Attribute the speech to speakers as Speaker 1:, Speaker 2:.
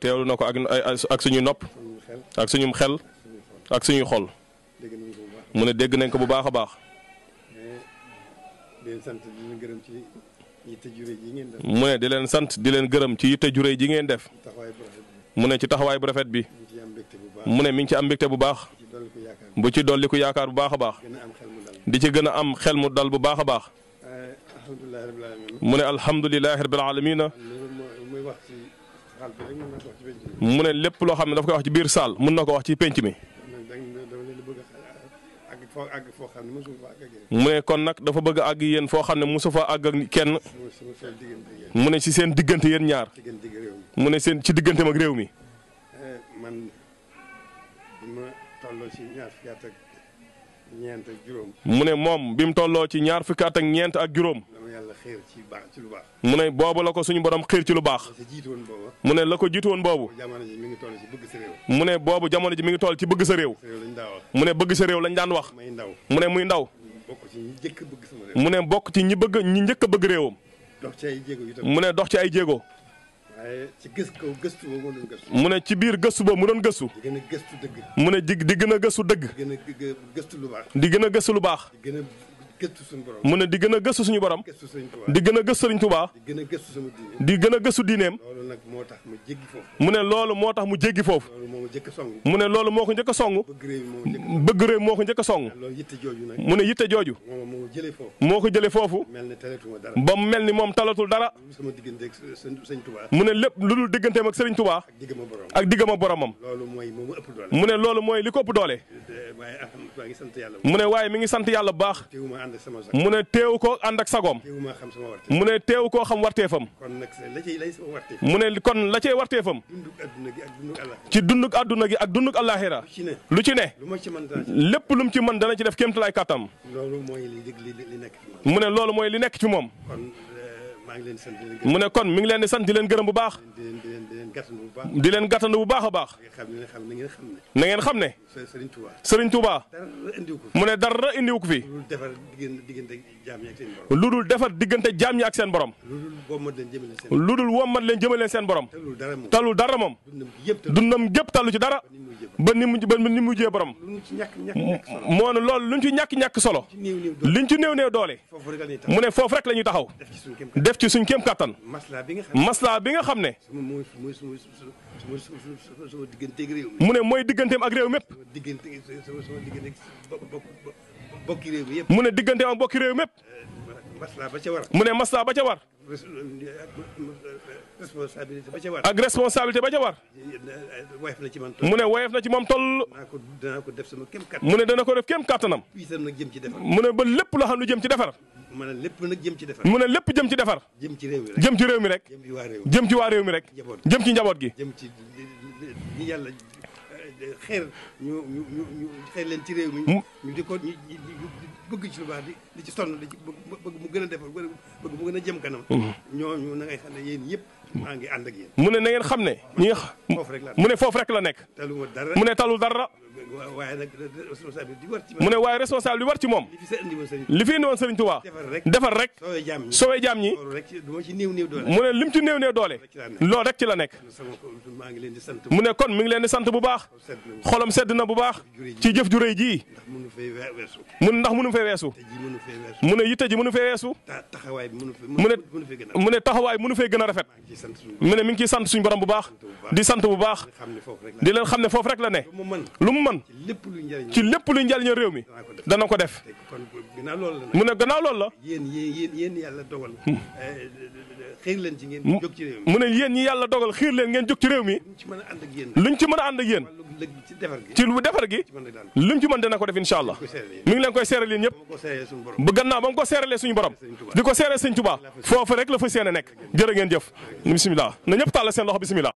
Speaker 1: teewlu na ko ak ak suñu nopp ak suñu xel ak suñu xol mu ne dégg nañ ko bu baax a baax. mu ne di leen sant di leen gërëm ci yitte jure ji ngeen def. mu ne ci taxawaay bu rafet bi. mu ne mi ngi ci am mbégte bu baax. bu ci dolli ko yaakaar bu baax a baax. di ci gën a am xel mu dal bu baax a baax.
Speaker 2: mu ne alhamdulilahi
Speaker 1: rabbil alamina mu ne lépp loo xam ne daf koy wax ci biir saal mën na ko wax ci pénc mi. mu ne kon nag dafa bëgg a àgg yéen foo xam ne mosu fa àgg ak kenn.
Speaker 2: mu ne si seen diggante yéen ñaar. mu
Speaker 1: ne seen ci digganteem ak réew mi. mu ne moom bi mu tolloo ci ñaar fukki ak ñeent ak juróom.
Speaker 2: mu ne boobu la ko suñu borom xiir ci lu baax. mu ne la ko jiitu woon boobu. mu ne boobu jamono ji mi ngi toll ci bëgg sa réew. mu ne bëgg sa réew lañ daan wax. mu ne muy ndaw. mu ne
Speaker 1: bokk ci ñi bëgg a bëgg réewam. mu ne dox ci ay jéego. mu ne ci biir gëstu boobu mu doon gëstu.
Speaker 2: mu ne di gën a gëstu dëgg. di gën a gëstu lu baax. a mu ne di gën a gëstu suñu borom di gën a gëstu Sëriñ Tuubaa di gën a gësu diineem loolu nag moo tax mu jéggi foofu. mu ne loolu
Speaker 1: moo tax mu jéggi foofu. mu ne loolu moo ko njëkk a song. bëgg réew moo ko njëkk a song. mu ne yitte jooju. moo ko jëlee foofu. ba mu mel ni moom talatul dara. mu ne lépp lu dul digganteem ak Serigne Touba. ak diggama boromam. mu ne loolu mooy li ko ëpp doole.
Speaker 2: Ah, mu ne waaye mi ngi sant yàlla bu baax. mu ne
Speaker 1: teew ko ànd ak sagoom. mu ne teew koo xam warteefam. mu ne kon la cee warteefam ci dunduk àdduna gi ak dunduk àllaaxira lu ci ne lépp lu mu ci mën dana ci def kéemtalaay kàttam mu ne loolu mooy li nekk ci moom
Speaker 2: mu ne kon mi ngi leen di sant di leen gërëm bu baax. di leen gàttandu bu baax a baax. na ngeen xam ne. Serigne Touba. mu ne dara indiwu ko fi.
Speaker 1: lu dul defar diggante jaam ñi ak seen borom. lu dul wommat leen jëmale leen seen borom. talul dara moom. dundam gépp talu ci dara. ba ni mu ni mu jee borom. moo ne loolu luñ ci ñàkk ñàkk solo. liñ ci néew néew doole. mu ne foofu rek la ñuy taxaw. def ci suñ kéem kattan. maslaa bi nga xam ne maslaa bi nga xam ne.
Speaker 2: mu ne mooy digganteem ak réew mépp mu ne
Speaker 1: digganteem ak bokki réew mépp. Euh,
Speaker 2: maslaa ba ca war. mu ne ba ca war. responsabilité ba ca war. ak ba ca war. woyof ci man mu ne e na ci moom toll. danaa ko def sama kéem kattanam. mu ne dana ko def kéem kattanam. itam nag jëm ci defar. mu ne ba
Speaker 1: lépp loo xam ne jëm ci defar.
Speaker 2: mu ne lépp nag jëm ci defar. mu ne lépp jëm ci defar. jëm ci réew mi rek jëm ci réew mi rek. jëm ci waa réew mi rek. jëm ci njaboot
Speaker 1: gi. jëm ci njaboot gi. jëm ci
Speaker 2: yàlla. xeer ñu ñu ñu xeer leen ci réew mi. ñu di ko ñu bëgg ci lu baax di ci sonn di ci bëgg mu gën a defar bëgg mu gën a jëm kanam. ñooñu na ngay xam ne yéen yëpp. maa ngi ànd mu ne na ngeen xam
Speaker 1: ne. ñi nga mu ne foofu rek la nekk. mu ne talul dara.
Speaker 2: waaye nag responsable bi war mu ne waaye responsable bi war ci moom. li fi indi woon Serigne Touba. defar rek soowee jaam ñi. mu ne lim ci néew néew doole. lool rek ci la nekk. mu ne kon mi ngi leen di sant bu baax. xolam sedd na bu baax. ci jëf ju rëy jii. mu ne ndax mënu fee weesu. mu ne yitte ji mënu fee weesu. mu ne taxawaay mënu fee gën a rafet. mu ne mi ngi ciy sant suñu borom bu baax di sant bu baax di leen xam ne foofu rek la ne lu mu mën ci lépp luy njëriñoo réew mi dana ko def mu ne gannaaw loolu la. xiir leen ci ngeen jóg ci réew mi mu ne
Speaker 1: yéen ñi yàlla dogal xiir leen ngeen jóg ci réew mi luñ ci mën a ànd ak yéen luñ ci defar gi luñ ci mën dina ko def incha allah mi leen koy seeral yéen ñëpp bu gannaaw ba ko seeralee suñu borom di ko seeral sëñ Tuubaa foofu rek la fa seen a nekk jërë ngeen jëf bisimilah na ñëpp tàllal seen loxo bisimilah